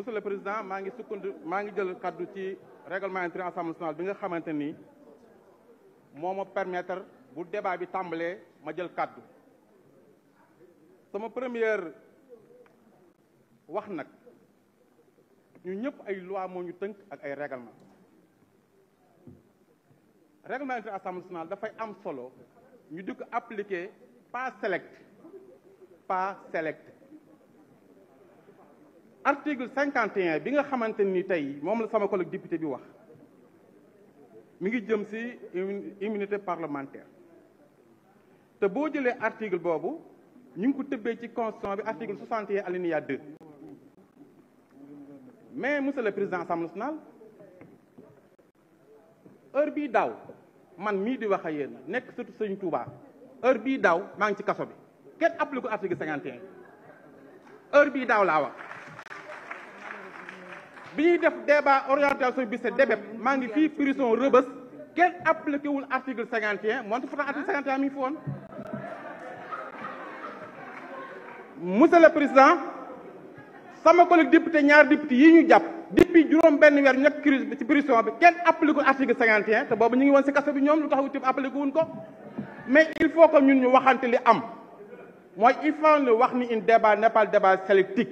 monsieur le président maa ngi sukkand maa ngi jël kàddu ci réglement intérieur assemblée nationale bi nga xamante ni moo ma permettre bu débat bi tàmbalee ma jël kàddu sama première wax nag ñu ñëpp ay loi moo ñu tënk ak ay règlement règlement intérieur assemblée nationale dafay am solo ñu di ko appliquer pas select pas select article 51 bi nga xamante ni tey moom la sama collègue député bi wax mi ngi jëm ci immunité parlementaire te boo jëlee article boobu ñu ngi ko tëbbee ci constitution bi article 61 alinéa 2 mais monsieur président assemblée nationale heure bii daaw man mii di wax a yéen nekk surtout sëñ Touba heure bii daaw maa ngi ci kaso bi kenn ko article 51 heure bii daaw laa wax bi ñuy def débat orientation bi c'est débét maa ngi fii prison rëbës kenn appliqué wul article cinquante et un moonte pourtant article cinquante et un mi ngi fi woon monsieur le président sama collègue député ñaar député yi ñu jàpp depuis juróom benn weer ñu nekk crise ci prison bi kenn appliqué wul article cinquante et un te boobu ñu ngi woon si kaso bi ñoom lu tax wuti appliqué ko mais il faut que ñun ñu waxante li am mooy il faut ñu wax ni un débat n'est pas débat sélectif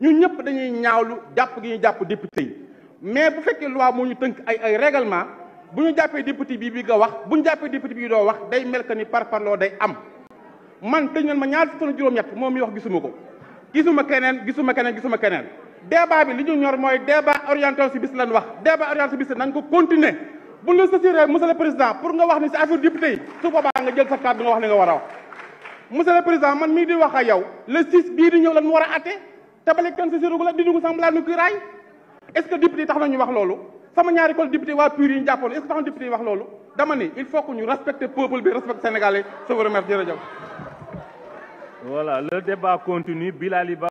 ñun ñëpp dañuy ñaawlu jàpp gi ñu jàpp député yi mais bu fekkee loi moo ñu tënk ay ay règlement bu ñu jàppee député bii bi nga wax bu ñu jàppee député bii doo wax day mel que ni parparloo day am man tëj nañ ma ñaar fukki fan juróom-ñett moom mi wax gisuma ko gisuma keneen gisuma keneen gisuma keneen débat bi li ñor mooy débat orienté si bis lañ wax débat nañ ko continuer bu ñu la sasiré monsieur président pour nga wax ni si affaire député yi su boobaa nga jël sa kàddu nga wax li nga war a wax monsieur le président man mii di wax yow le bii di ñëw lan mu war a atte te ba léegi kenn si sédugul ak di dugg sax mu laal nu cuuraay est-ce que député tax na ñu wax loolu sama ñaari kol député waa PUR yi ñu jàppoon est-ce que tax na député yi wax loolu dama ni il faut que ñu respecter peuple bi respecter sénégalais je vous remercie jërëjëf. voilà le débat continue Bilaliba